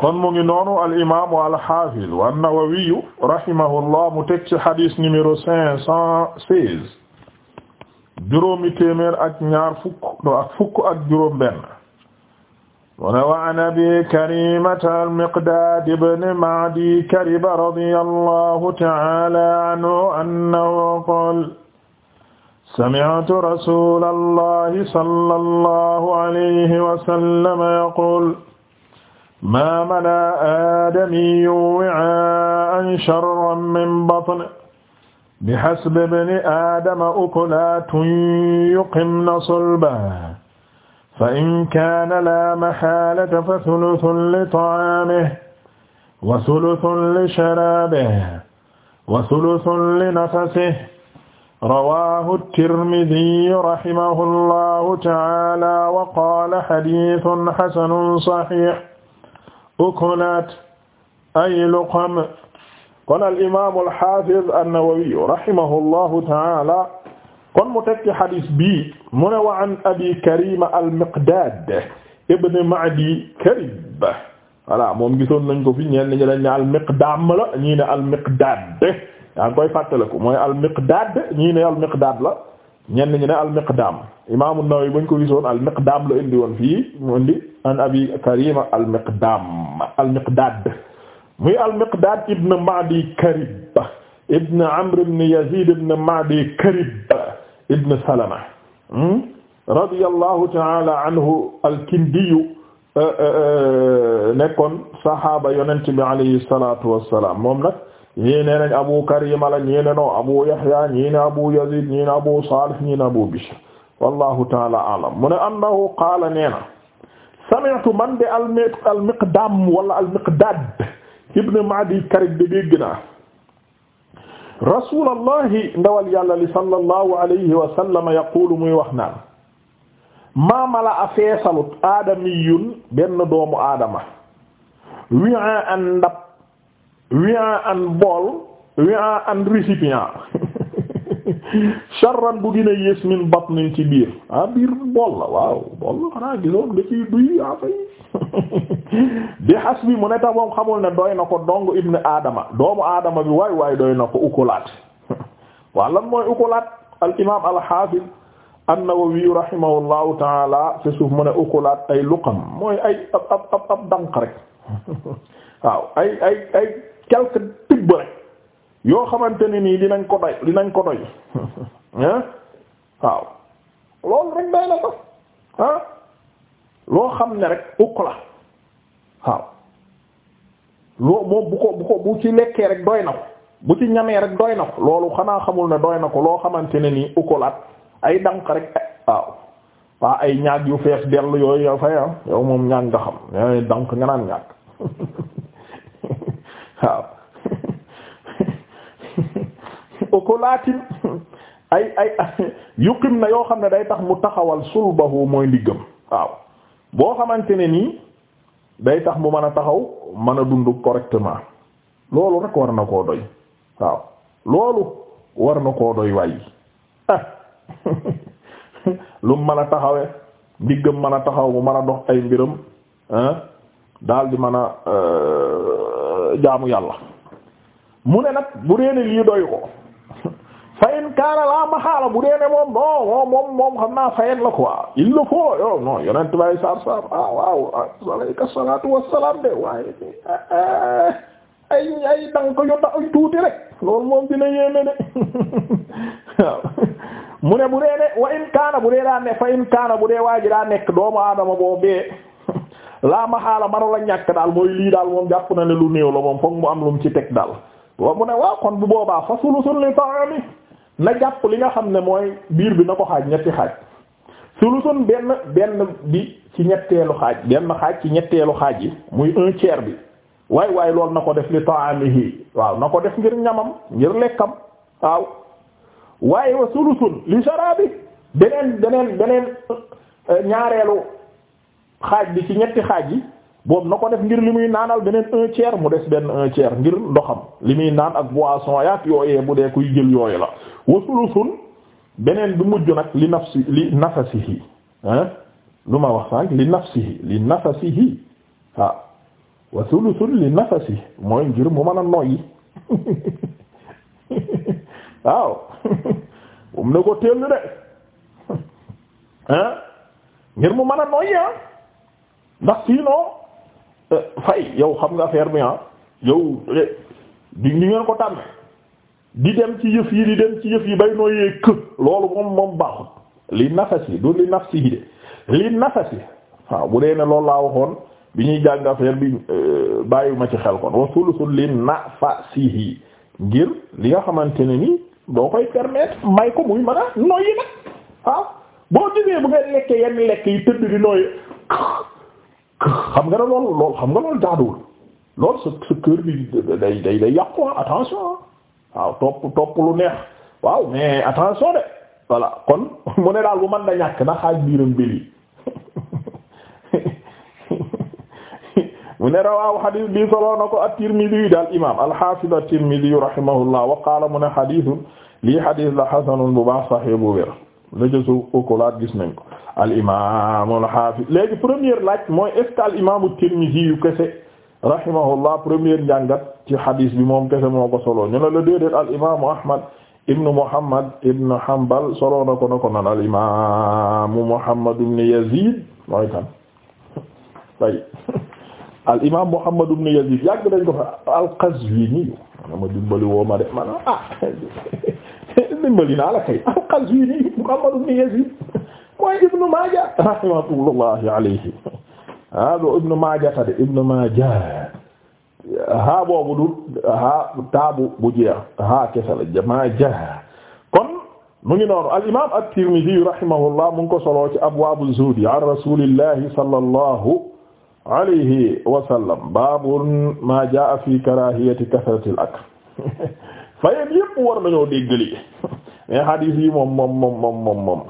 kon mu ngi noonu al imaamu al haafiz an-Nawawi rahimahullah mu teg ci hadis numéro cinq cent seize juróomi téeméer ak ñaar fukk no ak fukk ak juróom benn mu ne wa an Abi Karimata al-Miqdaad ibn Ma'di Kariba radiyallahu ta'ala anhu annahu qaala sami'tu rasuulallahi sallallahu alayhi wa sallam yaqul ma mana aadamiyu wi'aan sharran min batn bihasbi bni aadama ukulaatun yuqimna sulba fa in kaana laa mahaalata fa thuluthun li ta'aamihi wa thuluthun li sharaabihi wa thuluthun li nafasihi rawaahu tirmidhiyu rahimahullaahu ta'aalaa wa qaala hadiithun hasanun sahiih ukunat ay luqam kon al imaam al haafiz an-Nawawi rahimahullahu kon mu tekki hadis bi mu ne wa an abi Karima al-Miqdad ibn Ma'di Karib voilà moom gisoon nañ ko fi ñeen al-Miqdam la ñii ne al-Miqdad yaa ngi koy fàttaliku mooy al-Miqdad ñii ne al-Miqdad la ñenn ñi ne al-Miqdam imaam an-Nawawi bañ ko gisoon al-Miqdam la indi woon fii mu indi an abi Karima al-Miqdam muhammad al-Miqdaad muy al-Miqdaad ibn Ma'di Karib ibn Amr ibn Yazid ibn Ma'di Karib ibn Salama hmm? radiyallahu ta'ala anhu al-Kindiyu eh, eh, eh, nekkoon saxaaba yonent bi alayhi salaatu wassalaam moom nag ñii nee nañ Abu Karima la ñii ne non Abu Yahya ñii ne Abu Yazid ñii ne Abu Salih ñii ne Abu Bishr wallahu ta'ala a'lam mu ne annahu qaala nee na sami'tu man de al al miqdam wala al miqdad ibn Ma'di Karib de dégg naa rasulallahi ndawal yàlla li sallallahu alayhi wa sallam yaqulu muy wax naan maa mala a feesalut aadamiyun benn doomu aadama wi'aan ndab wi'aan bool wi'aan récipient sharran bu gën yées min batnin ci biir ah biir bool la waaw bool la xanaa gisoon nga duy yaa fay bi xas bi mu ne tax moom xamul ne doy na ko dong ibnu Adama doomu Adama bi waay waay doy na ko ukulaat waaw lan mooy ukulaat al imaam al xaafid an-Nawawi rahimahullahu taala ci suuf mu ne ukulaat ay luqam mooy ay ab ab ab ab danq rek waaw ay ay ay quelque tibb rek. yoo xamante ne nii dinañ ko doy dinañ ko doy waaw loolu rek day na ko ah loo xam ne rek ukk la waaw loo moom bu ko bu ko bu ci lekkee rek doy na ko bu ci ñamee rek doy na ko loolu xanaa xamul ne doy na ko loo xamante ne nii ukulaat ay dank rek eh, waaw waa ay ñaag yu fees dell yooyu yow fay yow moom ñaag nga xam dank nga naan ñaag waaw ukulaatin ay ay yuqim na yoo xam ne day tax mu taxawal sulbahu mooy ndiggam waaw boo xamante ne nii day tax mu mën a taxaw mën a dund correctement loolu rek war na koo doy waaw loolu war na koo doy waaye ah. lu mu mën a taxawee ndiggam mën a taxaw mu mën a dox ay mbiram ah. daal di mën a euh, jaamu yàlla mu ne nag bu dee ne lii doy ko fayen kaana la maxaala bu dee ne moom non moom moom xam naa fayen la quoi il le faut yo non yonent bay sar sar ah waaw alayka salaatu wassalaam de waaye eh, ay ay danga ko yodda ay tuuti rek loolu moom dina yéeme de mu ne bu dee ne wa in kaana bu dee daa ne fa in kaana bu dee waa ji daa nekk doomu adama boo bee laa maxaala mara la ñàkk daal mooy lii daal moom jàpp na ne lu néew la moom foog mu am lu mu ci teg daal waaw mu a waaw kon bu boobaa fa sulusun li ta'ami na jàpp li nga xam ne mooy biir bi na ko xaaj ñetti xaaj sulusun benn benn bi ci ñetteelu xaaj benn xaaj ci ñetteelu xaaj yi muy un tiers bi waay waaye loolu na ko def li ta'amihi waaw na ko def ngir ñamam ngir lekkam waaw waaye wa sulusun li sharabi beneen beneen beneen euh, ñaareelu xaaj bi ci ñetti xaaj yi boobu na ko def ngir li muy naanal beneen un tiers mu des benn un tiers ngir ndoxam li muy naan ak boisson yaak yooyee bu dee kuy jël yooyu la wasulusun beneen bi mujj nag li nafsi li nafasihi hein lu ma wax sànq li nafsihi si nafasihi waaw wasulusun li nafasihi mooy ngir mu mën a noyyi waaw um ne ko teel de hein ngir mu mën a noyyi ah ndax sinon fay yow xam nga affaire bi ah yow di di ngeen ko tànn di dem ci yëf yi di dem ci yëf yi bay nooyee kë loolu moom moom baaxut li nafas yi du li nafsi yi waaw bu dee ne loolu laa waxoon bi ñuy jàng affaire bi euh, bàyyiwuma ci xel kon wa sulusul li nafasihi ngir li nga xamante ne ni doo koy permettre may ko muy mën a noyyi nag waaw boo jógee bu ngay lekkee yenn lekk yi tëdd di nooyee xam nga ne loolu loolu xam nga loolu jaaduwul lool sa sa bi day day day yàqu ah, attention waaw topp topp lu neex waaw mais attention de voilà kon mu ne daal bu mën da ñàkk na xaaj biiram bili mu ne rawaaw xadis bi soloo na ko at-Tirmidhi daal imam al-Hafiz at-Tirmidhi wa qaala mu ne xadisun lii xadis la xasanun bu baax saxih bu wér la ca su gis nañ ko al imaam al hafiz laaj mooy est-ce que al imaamu Tirmidhi yu kese ci hadis bi moom kese moo ko solo ñu ne la déedéet al imaamu Ahmad ibnu Muhammad ibnu Hanbal solo na ko na ko Muhammad ibnu Yazid mooy ko fa al ma dimbali ma de ma ah. dimbali naa la kay al-Qazwini Muhammad ibn Yazid mooy Ibn Maaja rahmatullahi alayhi ah loolu Ibn Maaja ta de Ibn Maaja ha boobu du ha taabu bu jeex ha kese la Maaja kon mu ngi noonu al-imaam at-Tirmidhi rahimahullah mu ngi ko soloo ci abwaabu zuhdi an rasuulillahi sallallahu alayhi wa sallam baabu maa jaa'a fii karaahiyati kasratil akl fayeen yépp war nañoo déggali mais hadith yi moom moom moom moom moom moom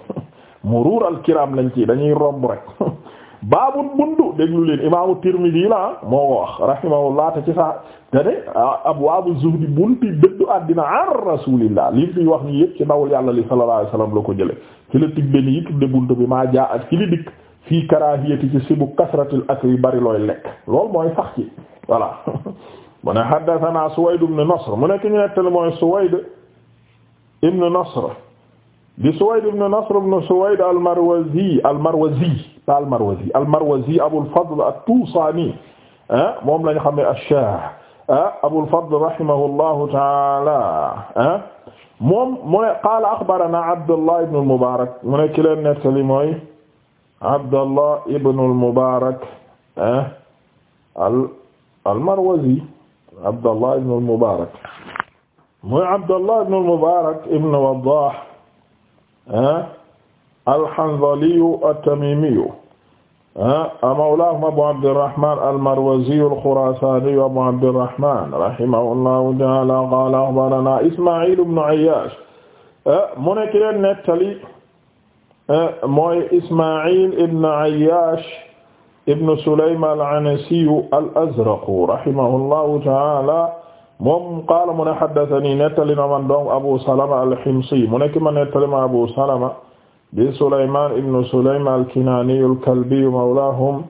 muruur al kiram lañ ci dañuy romb rek baabul bundu déglu leen imaamu Tirmidi la moo ko wax rahimahullah te ci sax dane ah, abwaabu zuhdi bunti dëddu àddina an rasulillah li fi wax nii yépp ci ndawul yàlla li sallallahu alayhi wasallam la ko jële ci la tudde nii tudde buntu bi maa jaa ak ci li dikk fii karaahiyati ci sibu kasratil akli bari looy lekk lool mooy sax ci voilà mu ne haddathana Suwayd ibn Nasr mu nekk ñu nettali mooy Suwayd ibn Nasr di Suwayd ibn Nasr ibn Suwayd al-Marwazi al-Marwazi pas al-Marwazi al-Marwazi Abul Fadl at-Tusani ah, moom lañ xam ne ash-Shah ah, Abul Fadl rahimahullahu ta'ala ah, moom mu ne qaala axbarana Abdullah ibn al-Mubarak mu ne ki leen nettali mooy Abdullah ibn al-Mubarak al al-Marwazi Abdallah ibn al-Mubarak muy Abdallah ibn al-Mubarak ibn Waddah ah, al-Hanzaliyu at-Tamimiyu ah, mawlaahum Abu Abdirrahman al-Marwaziyu al-Khurasaniyu Abu Abdirrahman rahimahullahu ta'ala qala akhbarana Isma'il ibn Ayyash ah, mu nekk leen nettali mooy Isma'il ibn Ayyash ibnu Sulaymaan al-Anasiyu al-Azraqu rahimahullahu ta'aala moom qaala mu ne haddathanii nettali na man donc Abu Salama al-Himsi mu nekk ma nettali ma Abu Salama di Sulaymaan ibnu Sulaymaan al-Kinaaniyu al-Kalbiyu mawlaahum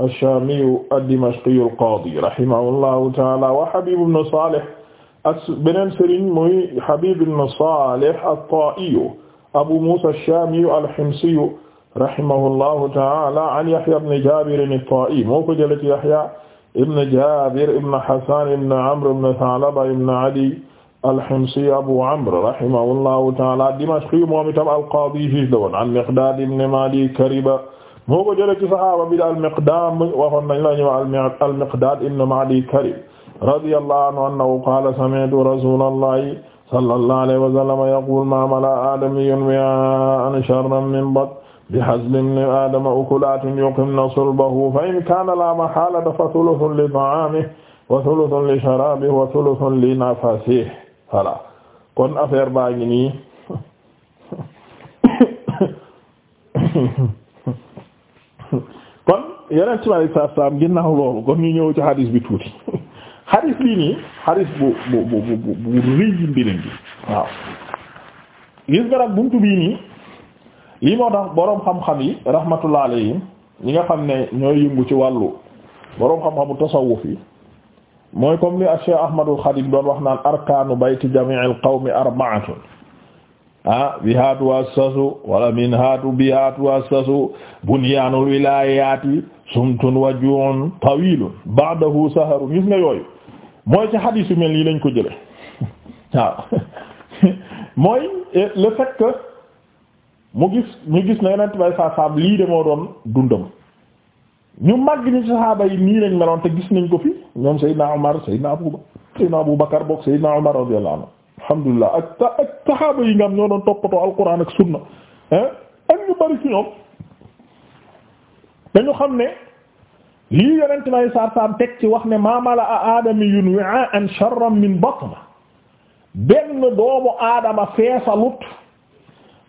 ash-Shaamiyu ad-Dimashqiyu al-Qaadi rahimahullahu ta'aala wa Habiib ibn Saalih ak beneen sëriñ muy Habiib ibn Saalih at-Taa'iyu Abu Muusaa ash-Shaamiyu al-Himsiyu rahimahullahu ta'ala an Yahya ibn Jabir at-Ta'i moo ko jëlee ci Yahya ibn Jabir ibn Hasan ibn Amr ibn Tha'laba ibn Adi al-Himsi Abu Amr rahimahullahu ta'ala Dimashqi moom itam al-Qadi fii la woon an Miqdad ibn Mali Kariba moo ko jëlee ci sahaaba bi al-Miqdam waxoon nañ la ñu al-Miqdad ibn Mali Karib radiyallahu anhu annahu qala sami'tu rasulallahi sallallahu alayhi wa sallam yaqul ma mala'a aadamiyyun wi'aan sharran min bat بحزم ابن آدم أكلات يقمن صلبه فإن كان لا محالة فثلث لطعامه وثلث لشرابه وثلث لنفسه voilà kon affaire baa ngi nii kon yeneen ci wàllu saam ginnaaw loolu kon ñu ñëw hadis bi tuuti hadis lii nii hadis bu bu bu bu bu rëy mbir mi waaw gis nga nag buntu bii nii. lii moo tax boroom xam-xam yi rahmatullah yi ñi nga xam ne ñooy yëngu ci wàllu boroom xam-xamu tasawuf yi mooy comme li Cheikh Ahmadul Xadim doon wax naan arkaanu bayti jami'il qawmi arba'atun ah biha tuassasu wala minha biha tuassasu bunyaanul wilayaati sumtun wa ju'un tawilun ba'dahu saharun gis nga yooyu mooy ci xadiis yu mel nii lañ ko jële waaw mooy eh, le fait mu gis ñu gis na yonent bay saa saab lii de doon dundam ñu mag ñu saxaaba yi nii lañ meloon te gis nañ ko fi ñoom Seydina Omar Seydina Abu Seydina Abu Bakar bokk Seydina Omar radiyallahu anhu alhamdulillah ak saxaaba yi nga am ñoo doon toppatoo alquran ak sunna ak ñu bari ci ñoom dañu xam ne lii yonent bay saa saab teg ci wax ne ma mala'a aadamiyun wi'a'an sharran min batnihi benn doomu aadama feesalut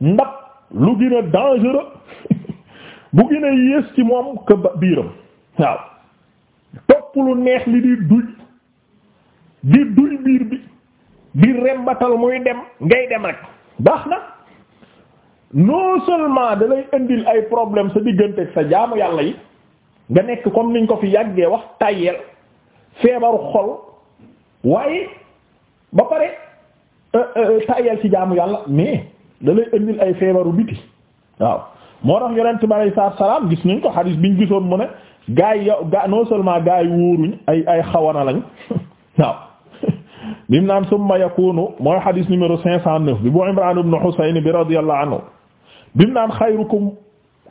ndab lu gën a bu gën a yées ci moom këb biiram waaw topp lu neex li di duy di duy biir bi di rembatal muy dem ngay dem rek baax na non seulement da indil ay problème sa diggante sa jaamu yàlla yi nga nekk comme niñ ko fi yàggee wax tayel feebaru xol waaye ba pare euh, euh, tayel ci jaamu yàlla mais da lay indil ay feebaru biti waaw moo tax yonent bi alayhi salaatu salaam gis nañ ko xadiis biñ gisoon mu ne gaa yi yow gaa non ay ay xawana lañ waaw bim naan summa yakunu mooy xadiis numéro cinq cent neuf bi bu Imraan ibn Husayn bi radiyallahu anhu bim naan xayrukum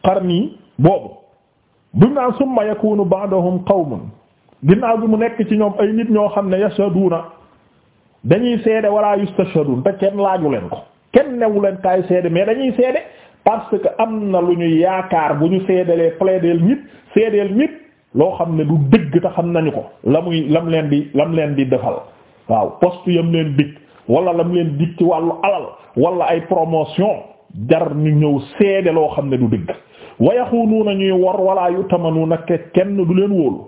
qarni boobu bim naan summa yakunu ba'dahum qawmun ginnaaw bi mu nekk ci ñoom ay nit ñoo xam ne yashaduna dañuy seede wala yustashadun te kenn laaju leen ko newu leen kaay seede mais dañuy seede parce que am na lu ñu yaakaar bu ñu seedelee plaideel nit seedeel nit loo xam ne du dëgg te xam nañu ko la muy la leen di lam leen di defal waaw poste yam leen dikk wala lam leen dikk ci wàllu alal wala ay promotion jar ñu ñëw seede loo xam ne du dëgg wayaxunuuna ñuy wor wala nag kenn du leen wóolu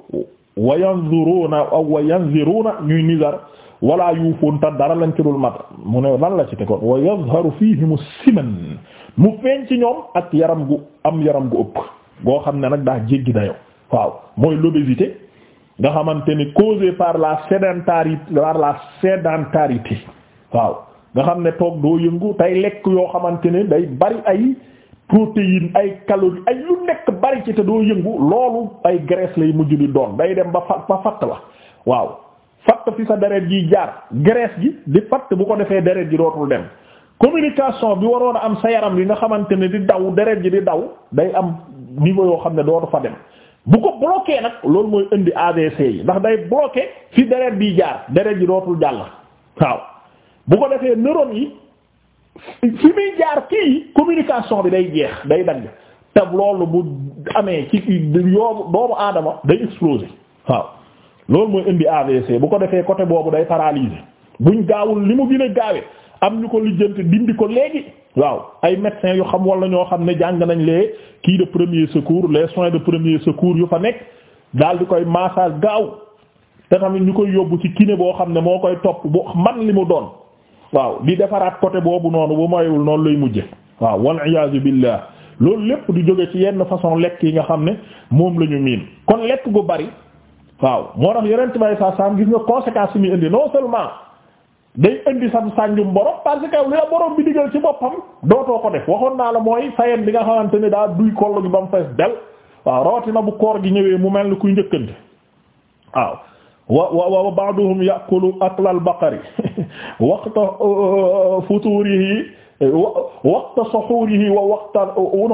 wayanzuruuna aw wayanziruuna ñuy nizar wala yuufoon ta dara lañ ci dul mat mu ne lan la ci tegoon wa yazharu fihimu siman mu feeñ ci ñoom ak yaram gu am yaram gu ëpp goo xam ne nag daa jéggi dayoo waaw mooy l'obésité nga xamante ni causée par la sédentarité par la sédentarité waaw nga xam ne toog doo yëngu tey lekk yoo xamante ne day bari ay protéines ay calories ay lu nekk bari ci te doo yëngu loolu ay graisse lay mujj di doon day dem ba fa ba fatt la waaw fatt fi sa deret ji jaar graisse gi di fatt bu ko defee deret ji dootul dem communication bi waroon a am sa yaram yi nga xamante ne di daw deret ji di daw day am niveau yoo xam ne dootu fa dem bu ko bloqué nag loolu mooy indi AVC yi ndax day bloqué fi deret bi jaar deret ji dootul jàll waaw bu ko defee neurones yi fi muy jaar kii communication bi day jeex day dagg te loolu bu amee ci doomu aadama day exploser waaw loolu mooy indi AVC bu ko defee côté boobu day paralysé buñ gaawul li mu gën a gaawe am ñu ko lijjanti dindi ko léegi waaw ay médecins yu xam wala ñoo xam ne jàng nañ lee kii de premier secours les soins de premier secours yu fa nekk daal di koy massage gaaw te tamit ñu koy yóbbu ci kiné boo xam ne moo koy topp bu man li mu doon waaw di defaraat côté boobu noonu bu moywul noonu lay mujje waaw wal iyaazu billah loolu lépp di jóge ci yenn façon lekk yi nga xam ne moom la ñu miin kon lekk gu bari waaw moo tax yonent bay sa sam gis nga conséquence mi indi non seulement day indi sam sànjum borom parce que li la borom bi digal ci boppam dootoo ko def waxoon naa la mooy fayen bi nga xamante ne daal duy kollo gi ba mu fees del rawatina bu koor gi ñëwee mu mel ni kuy njëkkante waaw wa wa wa ba'duhum ya'kulu akla al-baqari waqta uh, uh, wa waqta waqta uh,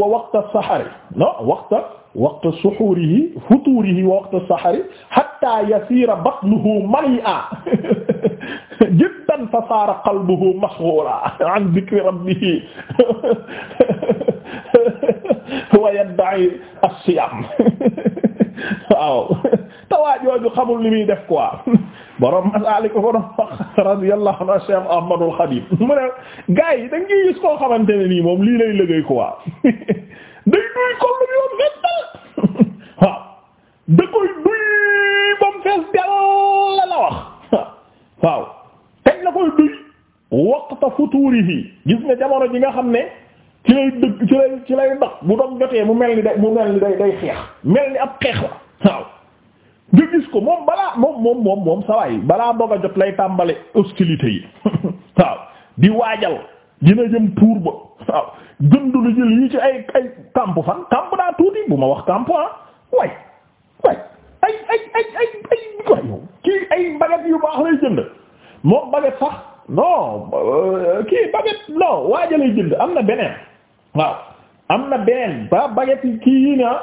wa waqta sahari no waqta waqtu suxuurihi futuurihi waqtu saxari hatta yasiira batnuhu mali'a jiddan fa saara qalbuhu mashghuula an dikri rabbihi wa yadda'i as-siyaam waaw tawaa jooju xamul li muy def quoi borom masalik ko doon wax radiyallahu anhu Cheikh Ahmadul Xadim mu ne gars yi da ngay gis koo xamante ne nii moom lii lay liggéey quoi day duy ko lu yoon nettal waaw da koy duy ba mu fees dell la la wax waaw kañ la koy duy waqta futurihi gis nga jamono ji nga xam ne ci lay dëgg ci lay ci lay ndox bu doon jotee mu mel ni day mu mel ni day day xeex mel ni ab xeex la waaw nga gis ko moom balaa moom moom moom moom sawaay balaa mbog jot lay tàmbali hostilité yi waaw di waajal dina jëm tuur ba waaw jënd lu jël yi ci ay ay camp fan camp daa tuuti bu ma wax camp ah way ay ay ay ay kii ay baguette yu baax lay jënd moom baguette sax non euh, kii baguette non waaja lay jënd am na beneen waaw am na beneen ba baguette yi kii yii na ah,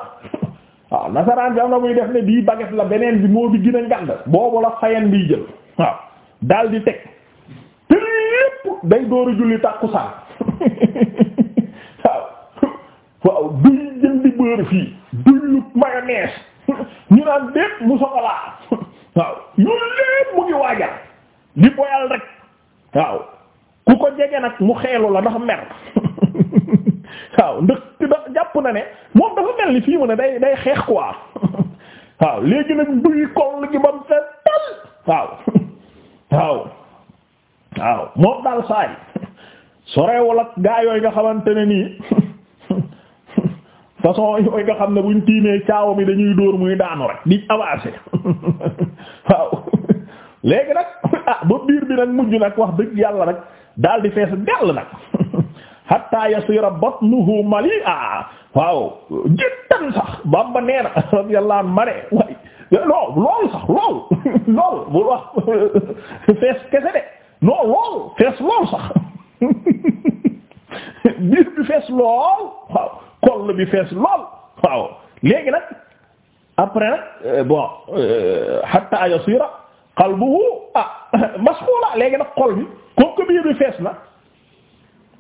waaw nasaraan bi am na muy def ne bii baguette la beneen bi moo bi gën a boobu la fayen biy jël waaw daal di teg te lépp day dooru julli tàkkusaan waaw duy jëndi beurre fii duy lu mayonnaise ñu naan déet mu soxlaa waaw yooyu lépp mu ngi waajal di boyal rek waaw ku ko jege nag mu xeelu la dafa mer waaw ndax jàpp na ne moom dafa mel ni fii mu ne day day xeex quoi waaw léegi nag duy koll gi ba mu fee waaw waaw waaw moom daal saay sorewul ak gaa yooyu nga xamante ne nii façon yooyu nga xam ne buñ tiimee caawa mi dañuy dóor muy daanu rek di avancé waaw léegi nag ah ba biir bi nag mujj nag wax dëgg yàlla rek daal di fees dell nag hatta yasira batnuhu mali'a waaw jëttan sax bamba nee na radiyallahu anhu mare waay sax lool lool bu wax fees kese de non lool fees lool sax biir bi fees lool waaw koll bi fees lool waaw léegi nag après nag euh, bon euh, hatta yasira qalbuhu ah masxuula léegi nag xol bi comme biir bi fees na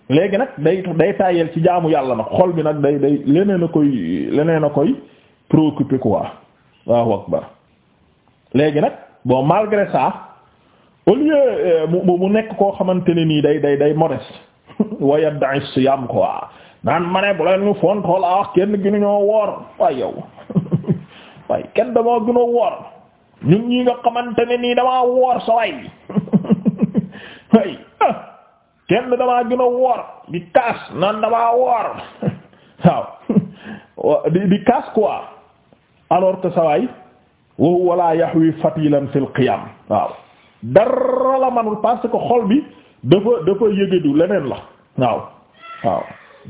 léegi nag day day tàyyeel ci jaamu yàlla nag xol bi nag day day leneen a koy leneen a koy préoccupé quoi waaw akbar léegi nag bon malgré ça au euh, mu mu nekk koo xamante ne nii day day day modeste waya dai siyam quoi naan ma ne bu leen ñu ah, kenn gënuñoo woor waay kenn damaa gën a ñun ñi nga xamante ne nii damaa woor sa ah, kenn damaa gën a woor di kaas naan damaa woor di di kaas quoi alors que sa waay wa huwa la yahwi fatilan fil qiyam dara la manul parce que xol bi dafa dafa yëgadu leneen la waaw waaw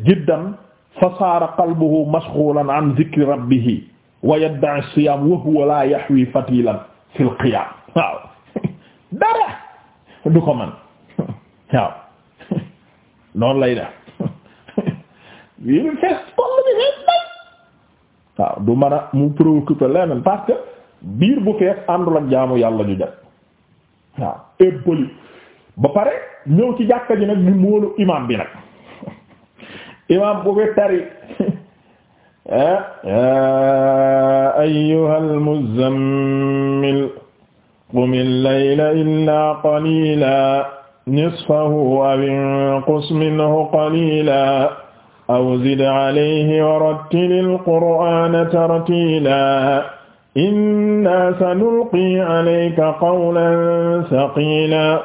jiddan fa saara qalbuhu mashghulan an dhikri rabbihi ko man waaw noonu lay def waaw du mën a mu préoccupé leneen parce que biir bu fees àndul ak jaamu yàlla ju jot waaw ébbali ba pare ñëw ci jàkka ji nag di móolu imam bi nag imam bu fi tari ya eh, eh, ayyuhal muzzammil qumil layla illa qalila nisfahu aw inqus minhu qalila aw zid alayhi wa rattilil qur'ana tartila inna sanulqi alayka qawlan saqila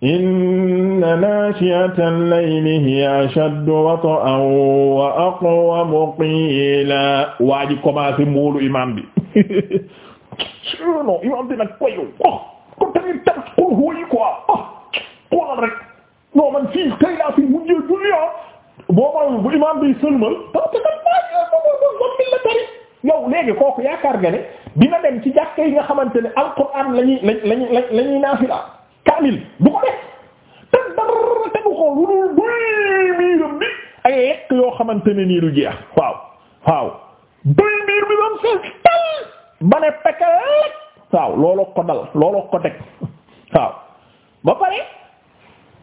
inna naashiyata al-layli hiya ashaddu wat'an wa aqwamu qiila waa ji commencé mboolu imaam bi non imaam bi nag koy oh ko tamit tam xul huwa yi quoi oh xoolal rek non man fii tey laa fi mujjee julli boo ma bu imaam bi sëlmal parce que yow léegi kooku yaakaar nga ne dina dem ci jàkka yi nga xamante ne alquran la lañuy la ñuy la ñuy kaamil bu ko def tegu ko lu dul buy miiram bi ay yekk yoo xamante ne nii du jeex waaw waaw buy miir bi bam seen ba ne pekalek waaw looloo ko dal looloo ko teg waaw ba pare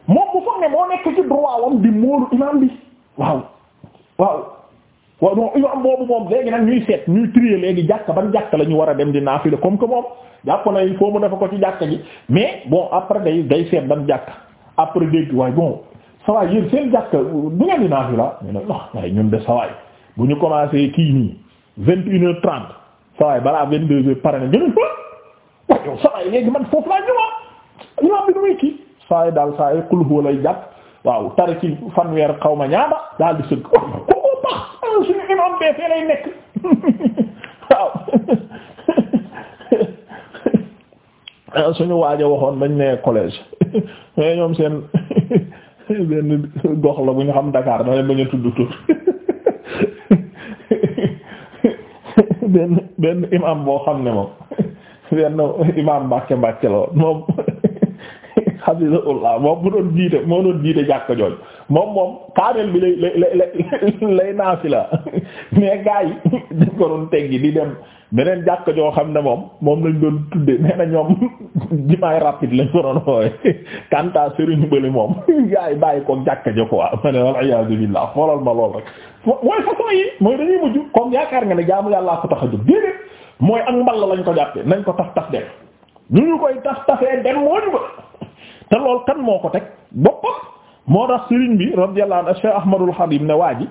moom bu foog moo nekk ci droit wam di moolu imaam bi waaw waaw waaw non imam boobu moom léegi nag ñuy seet ñuy trier léegi jàkk ban jàkk la ñu war a dem di naafile comme que moom jàpp na il faut mu dafa ko ci jàkk ji day day seet ban après dégg waaye bon sawaay yéen seen jàkk du ngeen di naafila ñu ne non waaye ñun de sawaay bu ñu commencé kii nii vingt une balaa vingt deux heures pare na bi nu muy kii daal saa yi xulufoo waaw tari ci fanweer xaw ma ñaaba daal di sëgg dee suñu waaj a waxoon bañ ne collège mais ñoom seen benn gox la bu ñu xam Dakar dafay bañ a tudd tur benn imam boo xam ne moom benn imam Mbàkke Mbàkke la woon moom hafizahullah moom bu doon jiite moo doon jiite jàkk jooj moom moom kaamel bi lay lay lay lay naafila mais gars yi dañ ko doon teggi di dem beneen jàkk joo xam ne moom moom lañ doon tudde nee na ñoom jimaay rapide lañ ko doon woowe kanta sëriñ bëli moom gars yi bàyyi koog jàkk jo quoi ma ne wal iyaadu billah ma yaakaar nga ne jaamu yàllaa ko tax a jóg déedéet mooy ak mbal lañ ko jàppe nañ ko tax tax dem ñu ñu koy tax tafee dem mooñu ko te lool moo ko teg boppam moo tax sëriñ bi radiyallahu anhu ne waa ji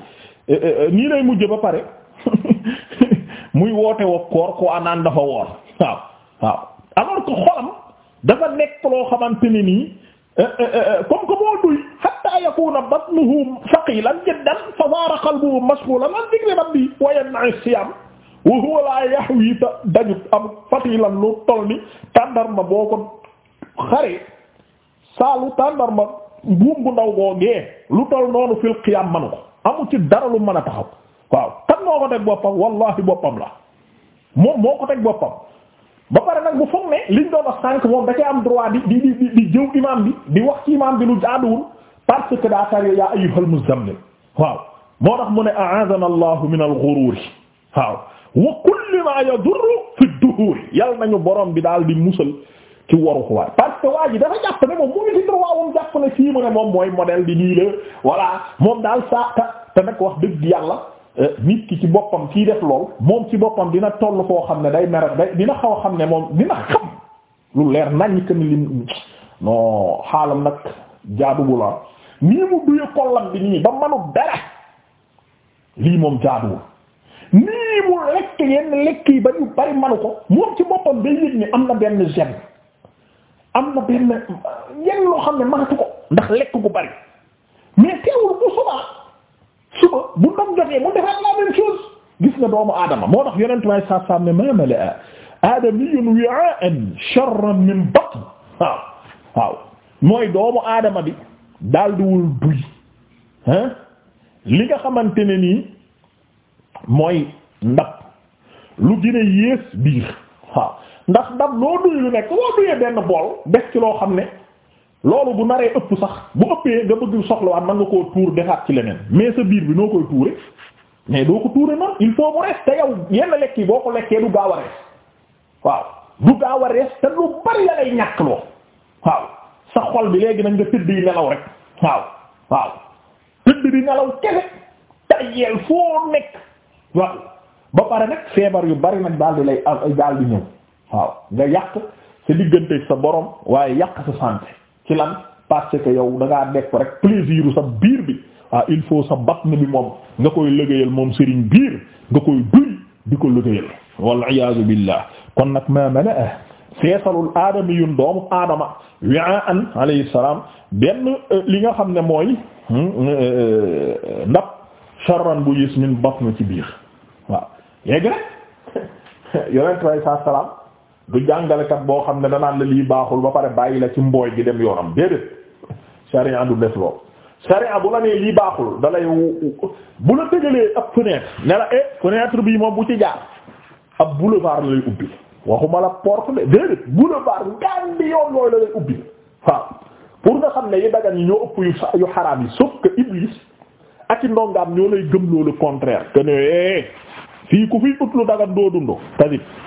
Eh, eh, eh, nii lay mujj ba pare muy woote wa koor ko anaan dafa woor waaw waaw alors que xolam dafa nekk loo xamante ne nii comme que moo duy hatta yakuna batnuhu saqilan jiddan fa saara qalbuhu mashghulan an dhikri rabbi wa yan'a siyam wa huwa la yahwi ta dajut am fatilan lu toll ni tàndarma boo ko xare saalu tàndarma buum bu ndaw boo gee lu toll noonu fil qiyam manu ko amu ci dara lu mën a taxaw waaw kan moo ko teg boppam wallahi boppam la moo moo ko teg boppam ba pare nag bu foog ne liñ doon wax sànq moom da am droit di di di di jëw imaam bi di wax ci imaam bi lu jaaduwul parce que daa tare yaa ayyuhal muzammil waaw moo tax mu ne a'aadana allahu min al-ghurur waaw wa kulli ma yadurru fi ad-duhur yal nañu borom bi daal di musal ci waru ko waay parce que waa ji dafa jàpp ne moom mu ngi ci droit jàpp ne fii mu ne moom mooy modèle bi nii la voilà moom daal saata te nag wax dëgg yàlla euh, nit ki ci boppam kii def lool moom ci boppam dina toll koo xam ne day mer day dina xaw a xam ne moom dina xam lu leer nañ que ni lim non xaalam nag jaaduwul ah nii mu duye kollam bi nii ba manu dara lii moom jaaduwul nii mu lekk yenn lekk yi ba ñu bari manu ko moom ci boppam day yëg ni am na benn gen am na benn yenn loo xam ne mënatu ko ndax lekk gu bari mais teewul bu suba suba bu ndam jotee mu defaat la même chose gis nga doomu aadama moo tax yonent way saa saa ne ma min batn waaw waaw mooy doomu aadama bi daal diwul duy li nga xamante ne nii mooy ndab lu gën a yées biir ndax ndab loo duy lu nekk loo duyee benn bool bes ci loo xam ne loolu bu naree ëpp sax bu ëppee nga bëgg soxlawaat mën nga koo tuur defaat ci leneen mais sa biir bi noo koy tuure mais doo ko tuure noonu il faut mu rees te yow yenn lekk yi boo ko lekkee du gaaw a rees waaw du gaaw a rees te lu bari la lay ñàkk loo waaw sa xol bi léegi nañ nga tëdd yi nelaw rek waaw waaw tëdd di nelaw kese tayeel foo nekk waaw ba pare nag feebar yu bari nag daal di lay daal di ñëw waaw nga yàq sa digganteeg sa borom waaye yàq sa santé ci lan parce que yow da ngaa nekk rek plaisir sa biir bi ah il faut sa batn bi moom nga koy liggéeyal moom sëriñ biir nga koy duy di ko liggéeyal wal iyaazu billah kon nag ma malaa eh, feesalul aadami yun doomu aadama wi'aan alayhi salaam benn eh, li nga xam ne mooy hmm, eh, ndab sharran bu gis min batn ci biir waaw léegi rek yonent bi alayhi salaam du jàngalekat boo xam ne danaan la lii baaxul ba pare bàyyi la ci mbooy gi dem yoonam déedéet sharia du def lool sharia bu la nee lii baaxul da bu la tëgalee ab fenêtre ne la eh, fenêtre bii moom bu ci jaar ab boulevard la lay ubbi waxuma la porte de déedéet boulevard ngaan yoon yooyu la lay ubbi waaw pour nga xam ne yi dagan yi ñoo ëpp yu yu xaraam yi sauf que Iblis ak i ndongaam ñoo lay gëm loolu contraire que ne eh, fii ku fi ut lu dagat doo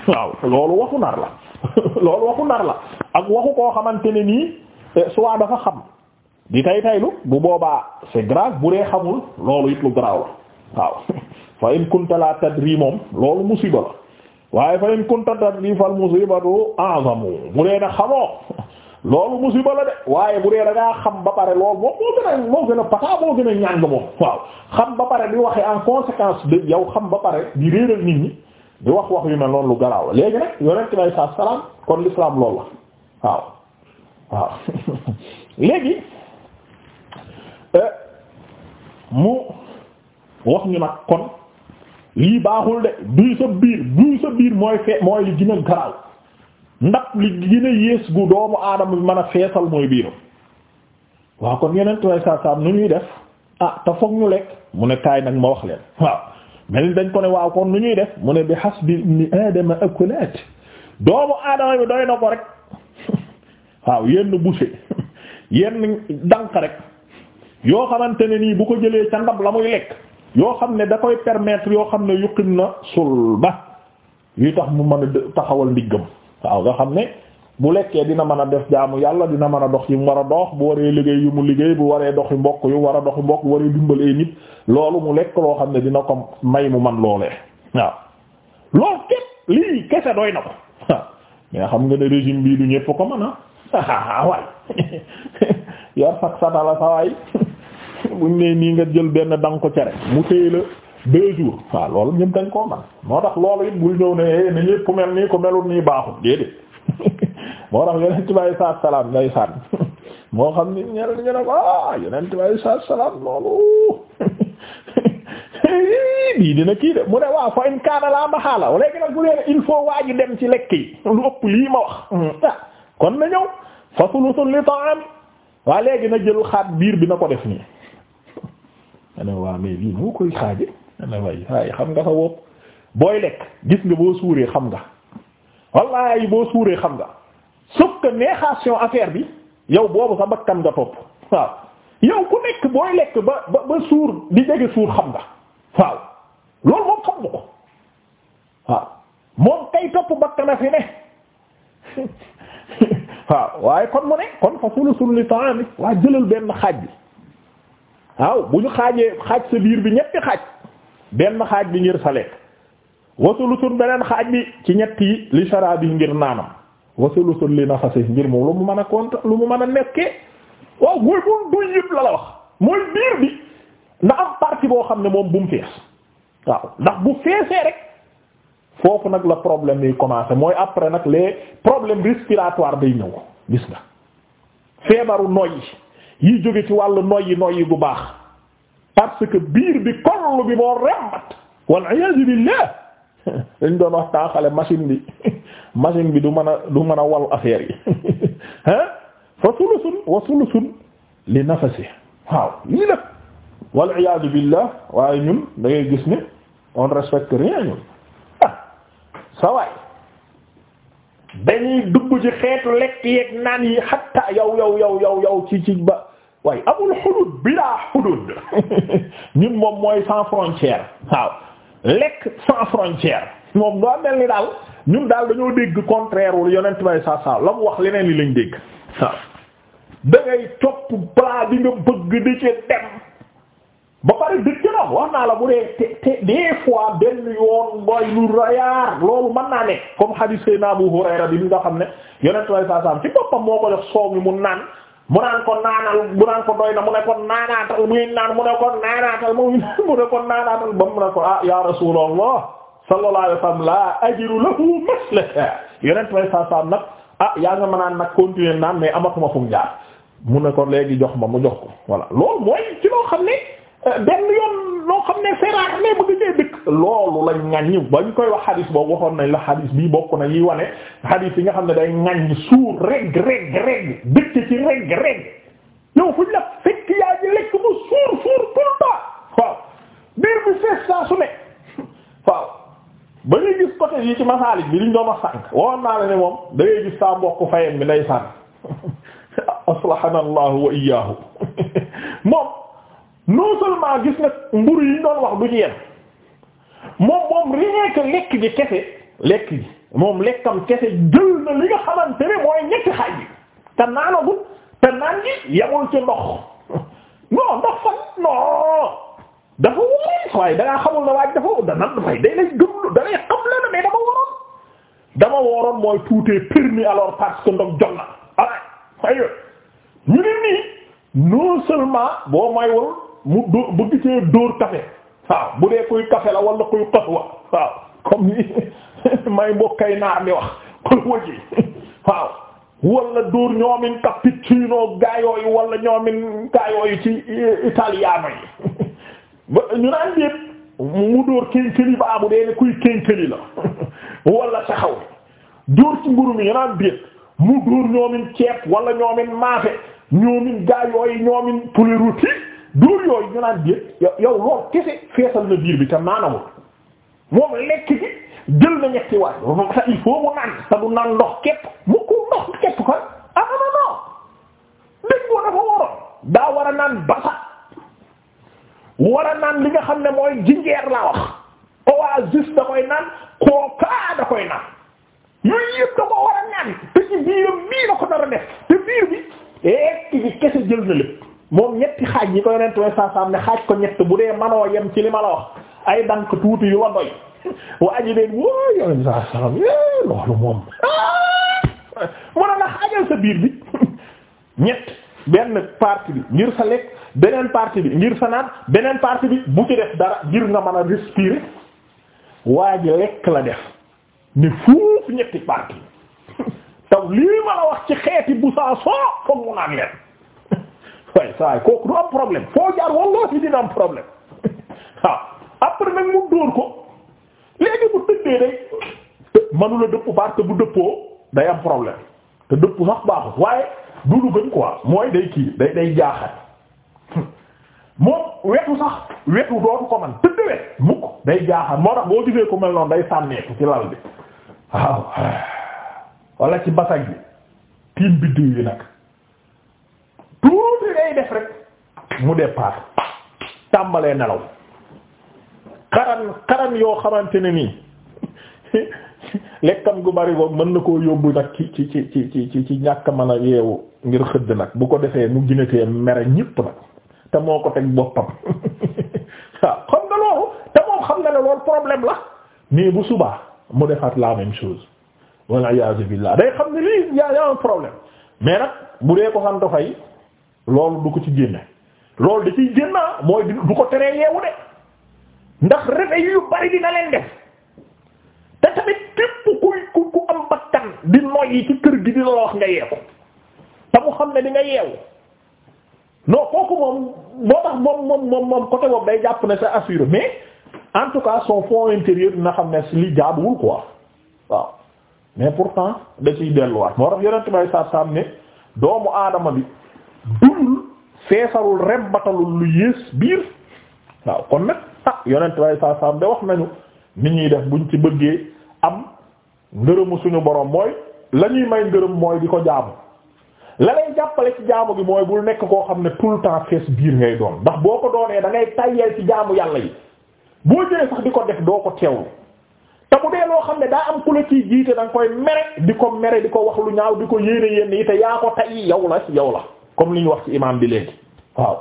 waaw loolu waxu nar la loolu waxu nar ak waxu koo xamante ne nii eh, soit dafa xam di tay taylu bu boobaa c'est grave bu dee xamul loolu it lu la waaw fa in kunta tadri moom loolu musiba la waaye fa in kunta tadri fal musibatu a'zamu bu dee na xamoo loolu musiba la de waaye bu dee da ngaa xam ba pare loolu moom moo gën a moo gën a pata moo gën a ñàng moom waaw xam ba pare di waxee en conséquence de yow xam ba pare di réeral nit ñi di wax wax yu mel noonu lu garaaw léegi nag yonent bi saa salaam kon l'islam loolu la waaw waaw léegi euh, mu wax ñu nag kon lii baaxul de duy sa biir duy sa biir mooy fe mooy li gën a garaaw ndab li gën a yées gu doomu aadama bi mën a feesal mooy biiram waaw kon yeneen way saa saam nu ñuy def ah te foog ñu lekk mu ne kaay nag ma wax leen waaw mel ni dañ ko ne waaw kon nu ñuy def mu ne bi hasbi ibni aadama akulaat doomu aadama bi doy na ko rek waaw yenn bouchée yenn dànk rek yoo xamante ne nii bu ko jëlee ca ndab la muy lekk yoo xam ne da koy permettre yoo xam ne yuqim na sul ba yuy tax mu mën a taxawal ndiggam waaw nga xam ne bu lekkee dina mën a def jaamu yàlla dina mën a dox yi mu war a dox bu waree liggéey yu mu liggéey bu waree doxi mbokk yu war a doxi mbokk bu waree dimbal nit loolu mu lekk loo xam ne dina ko may mu man loolee waaw loolu képp lii kese doy na ko mais xam nga ne régime bii du ñëpp ko mën a waay yar sax satala sawaay buñ ne nii nga jël benn danga ko cere mu téye la deux jours waaw loolu ñun dañ koo man moo tax loolu it bul ñëw ne eh, ñëpp mel nii ko melul nii baaxul déedéet moo tax yonent bi alayhi salaam ngay sànn moo xam ni ñeneen ñu ne ko ah yonent bi alayhi salaam loolu bii dina kii de mu ne waaw fa in kaana laa maxaala léegi nag bu dee il faut waa dem ci lekk yi lu ëpp lii ma wax ah kon na ñëw fa sulusun li ta'am waa léegi na jël xaat biir bi na ko def nii. ma ne waa mais lii moo koy xaaje na way waaye xam nga sa bopp booy lekk gis nga boo suuree xam nga wallaay boo suuree xam nga sauf que néexation affaire bi yow boobu sa bakkan nga topp waaw yow ku nekk booy lekk ba ba suur di jege suur xam nga waaw loolu moom xam nga ko waaw moom kay topp bakkana fi ne waaw waaye kon mu ne kon fa sulusul li ta'ami waa jëlal benn xaaj bi waaw bu ñu xaajee xaaj sa biir bi ñetti xaaj benn xaaj bi ngir sa lekk wasulusun beneen xaaj bi ci ñett yi li sharaab yi ngir naanam wasulusun li nafasi ngir moom lu mu man a kont lu mu man a nekkee waaw mooy moom duy yëpp la la wax mooy biir bi na am partie boo xam ne moom bu mu fees waaw ndax bu feesee rek foofu nag la problème yi commencé mooy après nag les problèmes respiratoires day ñëw gis nga feebaru noyyi yi jóge ci wàllu noyyi noyyi bu baax parce que biir bi ko xarlu bi moo rembat wal iyaazu billah dañ doon wax taaxale machine bi machine bi du mën a du mën a wal affaire yi ah fa sulusun wa sulusun li nafasi waaw lii la wal iyaazu billah waaye ñun da ngay gis ne on respecte rien ñun ah sa waay dañuy dugg ci xeetu lekk yeeg naan yi hatta yow yow yow yow yow ci ci ba waaye amul xudud bilaa xudud ñun moom mooy sans frontière waaw lekk sans frontière moom doo mel ni daal ñun daal dañoo dégg contraire wala yonent bay saa saa la mu wax leneen li lañ dégg waaw da wax la bu dee te te des fois benn yoon mooy lu rayaar loolu mën naa ne comme hadith Seydina Abu Hurayra bi nga xam ne yonent bay saa ci boppam moo ko jox soow mu naan. mu naan ko naanal mu naan ko doy na mu ne ko naanaatal muy naan mu ne ko naanaatal mu ne ko naanaatal ba mu ne ko ah ya rasulallah sallallahu alayhi wasallam la ajiru lahu maslaka yonent way sa sam nag ah yaa nga mënaan nag continuer naan mais amatuma fu mu jaar mu ne ko léegi jox ma mu jox ko voilà loolu mooy ci loo xam ne Euh, benn loo xam ne seraar ne bëgg cee dëkk loolu la ŋàññ ba koy wax xadis boobu waxoon nañ la xadis bii bokk na yi wane xadis yi nga xam ne day ŋàññ suur reg reg reg dëkk ci reg reg yow ji lekk bu suur suur tout le temps waaw biir bi fees saa su ne yi ci masaalik bi liñ doon a sànk waxoon naa la ne moom da ngay gis saa mbokk fayeen bi nday sànn aslahana allahu wa iyyahu moom non seulement gis nag mburu yi ñu doon wax du ci yem moom moom rien que lekk gi kese lekk gi moom lekkam kese jël na li nga xamante ne mooy ñetti xaaj bi te naanagul te naan gi yemul ci ndox non ndox fan non dafa waroon waaye da xamul ne waaye dafa da nan dafay day lay gëm xam la dama woroon dama waroon mooy tout est permis alors parce que ndox jot na. voilà ah, aywa ñu ne nii non seulement boo may mu dóor bëgg cee dóor café waaw bu dee kuy café la wala kuy qahwa waaw comme ni may mbokkay naar mi kuy wëji waaw wala dóor ñoomin cappuccino gaayooyu wala ñoomin gaayooyu ci eh, italiano yi ñu naan yépp mu dóor kénkëli baa dee ne kuy kénkëli la wala saxaw dóor ci mburu mi ñu naan biir mu dóor ñoomin ceeb wala ñoomin maafe ñoomin gaayooyu ñoomin poulet rôti dóor yooyu ñu naan déet yow loolu kese feesal na biir bi te naanamul moom lekk bi jël na ñetti waay sa il faut naan te du naan ndox képp mu ko ndox képp ko ah, war a naan basa war li nga xam ne mooy jinjeer laa da koy naan yooyu yëpp da ko war a naan te ci biiram mii la ko nar a te biir bi lekk bi kese jël na lépp. moom ñetti xaaj yi ko yonent way saasaam ne xaaj ko ñett bu dee manoo yem ci li la wax ay dank tuuti yu wa doy waa ji deen wo yonent loolu moom mu ne la xaajal sa biir bi ñett benn partie bi ngir sa lekk beneen partie bi ngir sa naan beneen partie bi bu ci def dara ngir nga mën a respirer waa ji lekk la def ni fuuf ñetti partie taw lii la wax ci xeeti bu saa soo foog mu naan leen waaye saa kooku du am problème foo jaar wallahi dina am problème waaw après nag mu dóor ko léegi bu dëddee day manula dëpp parce que bu dëppoo day am problème te dëpp sax baaxut waaye du lu gën quoi mooy day kii day day jaaxal moom wetu sax wetu dootu ko man tëdd wet mukk day jaaxal moo tax boo gisee ko mel noonu day sànneeku ci lal bi waaw wala ci basag bi tiim biddiw yi nag tuuti day def rek mu départ tàmbalee nelaw xaran xaran yoo xamante ne nii lekkam gu bari boobu mën na koo yóbbu nag ci ci ci ci ñàkk mën a yeewu ngir xëdd nag bu ko defee mu ginatee mere ñépp nag te moo ko teg boppam waaw xam nga loolu te moom xam nga loolu problème la mais bu subaa mu defaat la même chose walla iyaazu billaah day xam ne lii y problème mais nag bu dee ko xam dafay loolu du ko ci génne loolu da ciy génn ah mooy du ko teree yeewu de ndax réveil yu bari dina leen def te tamit képp kuy ku ku am bakkan di noyyi ci kër gi dina la wax nga yeewu te mu xam ne dinga nga yeewu non kooku moom moo tax moom moom moom moom côté boobu day jàpp ne c'est assuré mais en tout cas son fond intérieur dina xam ne li jaabuwul quoi waaw mais pourtant da ciy delluwaat moo tax yonent bay saat saam doomu aadama bi dulul feesarul rembatalul lu yées biir waaw kon nag ah yonent way saa saam de wax nañu nit ñuy def buñ ci bëggee am ngërëmu suñu borom mooy la ñuy may ngërëm mooy di ko jaamu la lay jàppale ci jaamu gi mooy bul nekk koo xam ne tout le temps fees biir ngay doon ndax boo ko doonee da ngay tayyeel ci jaamu yàlla yi boo jëlee sax di ko def doo ko teewlu te bu dee loo xam ne daa am ku la ciy jiite da nga koy mere di ko mere di ko wax lu ñaaw di ko yéene yéen yi te yaa ko tayyi yow la yow la comme li ñu wax ci imam bi léegi waaw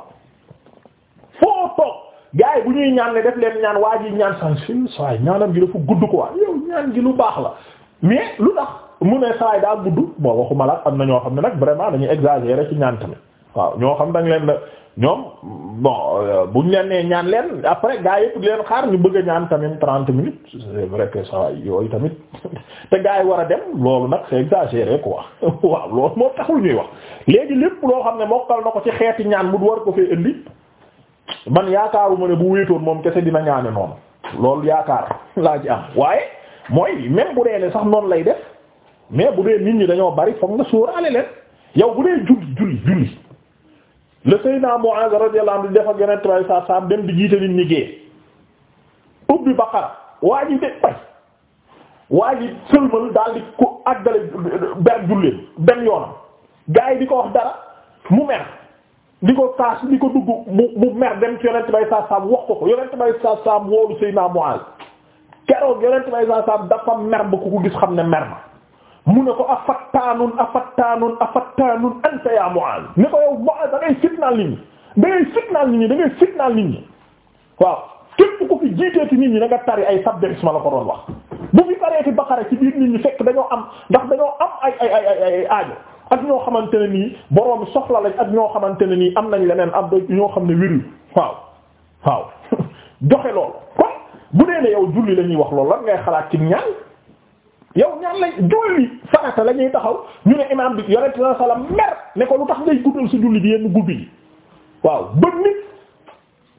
foo toog gars yi bu ñuy ñaan ne def leen ñaan waa ñaan san sin saay ñaanam gi dafa gudd ko waa yow ñaan gi lu baax la mais lu tax mu ne saay daa gudd moo waxuma malaat am na ñoo xam ne nag vraiment dañuy exagérer ci ñaan tamit waaw ñoo xam dañ leen ñoom bon euh, buñ leen nee ñaan leen après gaa yëpp leen xaar ñu bëgg a ñaan tamit trente minutes c'est vrai que ça yooyu tamit te gaa yi war a dem loolu nag c'est exagéré quoi waaw loolu moo taxul ñuy wax léegi lépp loo xam ne mokkal na ko ci xeeti ñaan mu war ko fee indi man yaakaaruma ne bu wéetoon moom kese dina ñaane noonu loolu yaakaar laa ci am waaye mooy même bu dee ne sax noonu lay def mais bu dee nit ñi dañoo bari foog nga sóoraale leen yow bu dee julli le Seydina Muaz radiyallahu anhu def ak Yonent bi sallallahu alayhi dem di jiite nit ñi gée ubbi Baqara waa ji de waa ji sëlmal daal di ko àggale ber julleen dem yoonam gaa yi di ko wax dara mu mer di ko taas di ko dugg mu mu mer dem Yonent bi sallallahu alayhi wasallam ko ko Yonent bi sallallahu alayhi wasallam woolu Seydina Muaz keroog Yonent bi sallallahu alayhi dafa mer ba ku ko gis xam ne mer na mu ne ko afattaanun afattaanun afattaanun anta ya Mu'aaz ne ko yow Mu'aaz da ngay fitnaal nit ñi da ngay fitnaal nit ñi da ngay nit ñi waaw képp ku fi jiitee ci nit ñi da tari ay sabbe ma la ko doon wax bu fi paree ci Baqara ci biir nit ñi fekk dañoo am ndax dañoo am ay ay ay ay aajo ak ñoo xamante ne nii boroom soxla lañ ak ñoo xamante ne nii am nañ leneen am ñoo xam ne wéru waaw waaw joxe loolu kon bu dee ne yow julli la ñuy wax lool lan ngay xalaat ci ñaan yow ñaan lañ julli farata la ñuy taxaw ñu ne imaam bi yonent bi sallallahu alayhi mer ne ko lu tax ngay guddal si julli bi yenn guddi yi waaw ba nit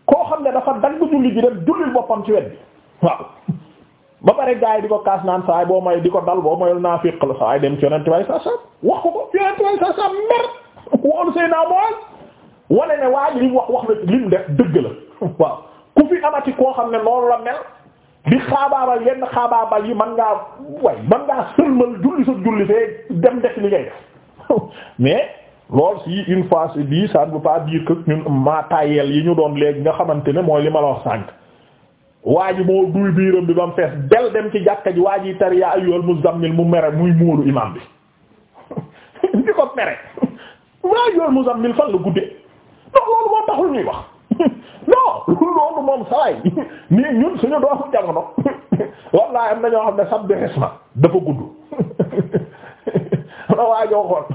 koo xam ne dafa dagg julli bi dem jullil boppam ci wet bi waaw ba pare gars yi di ko kaas naan saay boo may di ko dal boo mayul naafiq la saay dem ci yonent bi sallallahu alayhi wax ko ko yonent bi sallallahu alayhi wasallam mer woolu say naa mooy wane ne waaye li wax wax la li mu def dëgg la waaw ku fi amati koo xam ne loolu la mel di xaabaabal yenn xaabaabal yi man ngaa way man ngaa sëlmal julli sa julli fee dem def ngay mais loolu si une fois c'est dit ça ne veut ñun matayel yi ñu doon léegi nga xamante ne mooy li ma la wax sànq waa ji moo duy biiram bi ba fees del dem ci jàkka ji waa ji tar yaa ayyul muzammil mu mere muy móolu imam bi di ko mere yaa ayyul muzammil fan la guddee ndax loolu moo taxul ñuy wax non loolu moom saway nii ñun suñu doomu jamono wallahi am na ñoo xam ne sabbi xisma dafa gudd na waajoo xool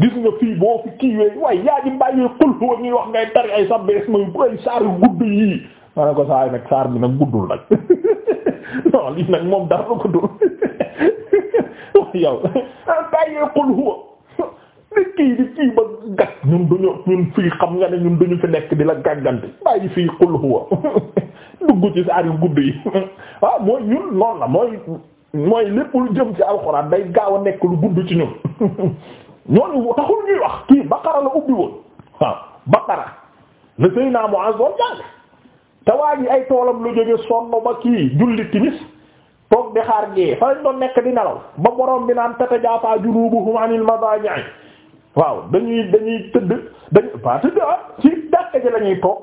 gis nga fii boo fi kiiwee waaye yaa ji mbàyyi xul wa ñuy wax ngay tari ay sabbi xisma yu ay saar gudd yii ma ne ko saay nag saar bi nag guddul nag non lii nag moom dara guddul yow mbàyyi xul huwa di kii ba gat ñun duñu ñun fii xam nga ne ñun duñu fi nekk di la gàggante bàyyi fii qul huwa dugg ci saar yu gudd yi waaw ah, mooy ñun noonu la mooy mooy lépp lu jëm ci alxuraan day gaaw a nekk lu gudd ci ñun ñooñu taxul ñuy wax kii baqara la ubbi woon waaw ah, baqara le Seydina Muaz doon te waa ji ay toolam lu jóge sonn ba kii julli timis toog di xaar gee fa lañ doon nekk di nelaw ba borom bi naan tatajaafaa junuubuhum anil madaaji'i waaw dañuy dañuy tëdd dañ ba tëdd ah ci dàkka ji la toog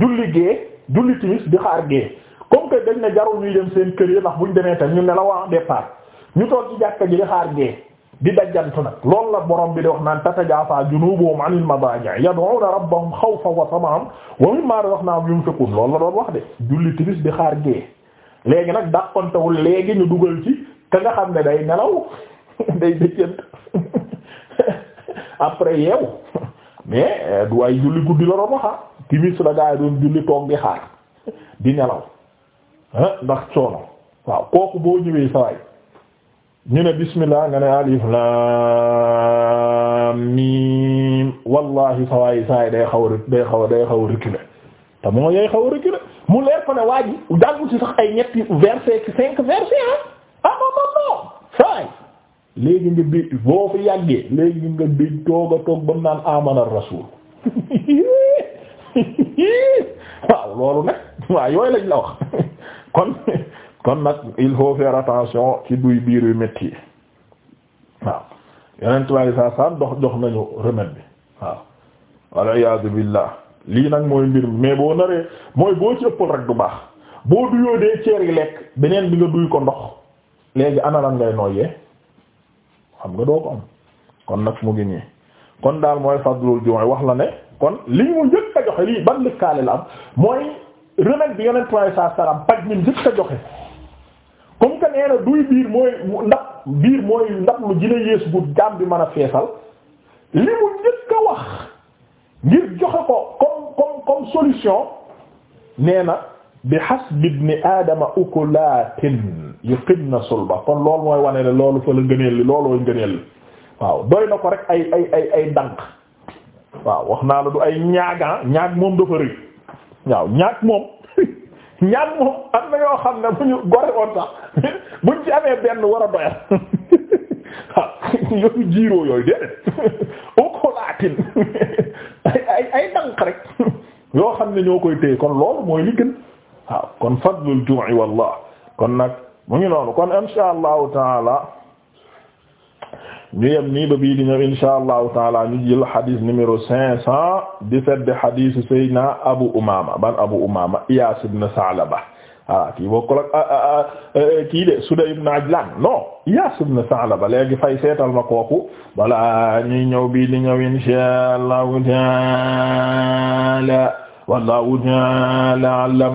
julli gee julli timis di xaar gee comme que dañ ne jarul ñuy dem seen kër yi ndax buñ demee tam ñu ne la waa départ ñu toog ci jàkka ji di xaar gee di dajjantu nag loolu la borom bi di wax naan tatajaafaa junuubuhum anil madaaji' yad'uuna rabbahum xawfan wa tama'an wa mimmaa razaqnaahum yunfiquun loolu la doon wax de julli timis di xaar gee léegi nag dàqontewul léegi ñu dugal ci ka nga xam ne day nelaw day dëccant après yeewu mais eh, du ay julli guddi la waxa timis la gaa yi doon julli toog di xaar di nelaw ah, ndax coono waaw kooku boo ñëwee saway ñu ne bismillah nga ne alif lam mim wallahi sawaay saay day xaw day xaw day xaw reculer te moo yoy xaw reculer mu leer ko ne waa ji jàngu sax ay ñetti verset ci cinq verset ah ah non non non saay léegi nga bi boo fi yàggee léegi nga bi toog a toog ba mu naan amana rasul waaw loolu nag waaw yooyu lañ la wax kon kon nag il faut faire attention ci duy biir yu metti yi waaw yeneen tubaab saa saa dox jox nañu remède bi waaw. wal iyaadu billah lii nag mooy mbir mi mais boo naree mooy boo ci rek du baax boo duyoo dee ceer yi lekk beneen bi nga duy ko ndox léegi ana ngay noyyee. xam nga doo ko am kon nag mu ngi kon daal mooy fadlul jumaa wax la ne kon li mu njëkk a joxe lii ban lëkkaale la am mooy remède bi yonent bi saa salaam paj mi njëkk a joxe comme que nee na duy bu jaam bi mën a feesal li mu njëkk ko comme comme na bi hasbi ibni aadama ukulatin yuqim na sulba kon loolu mooy wane ne loolu fa la ngëneel li loolooy ngëneel li waaw doy na ko rek ay ay ay ay waaw wax naa la du ay ñaaga ah, ñaag moom dafa rëy waaw ñaag moom ñaag moom am na yoo xam ne bu ñu gore woon sax buñ ci amee benn war a doyal waaw yooyu jiiroo yooyu déedéet ukulaatin ay ay ay ndànk rek yoo xam ne ñoo koy téye kon loolu mooy li waaw kon fadlul ju'i wallah kon nag mu ngi noonu kon insha allahu taala ñu yem nii ba bii di ñëw insha allahu taala ñu jël xadis numéro cinq cent dix-sept de xadisu Seydina Abu Umama ban Abu Umama Iyas ibn Sa'laba ah kii bokkul ak ah, ah, ah, eh, kii de Suday ibn Ajlan non Iyas ibn Sa'laba léegi fay seetal ma kooku balaa ñuy ñëw bii di ñëw insha allahu taala wallahu taala alam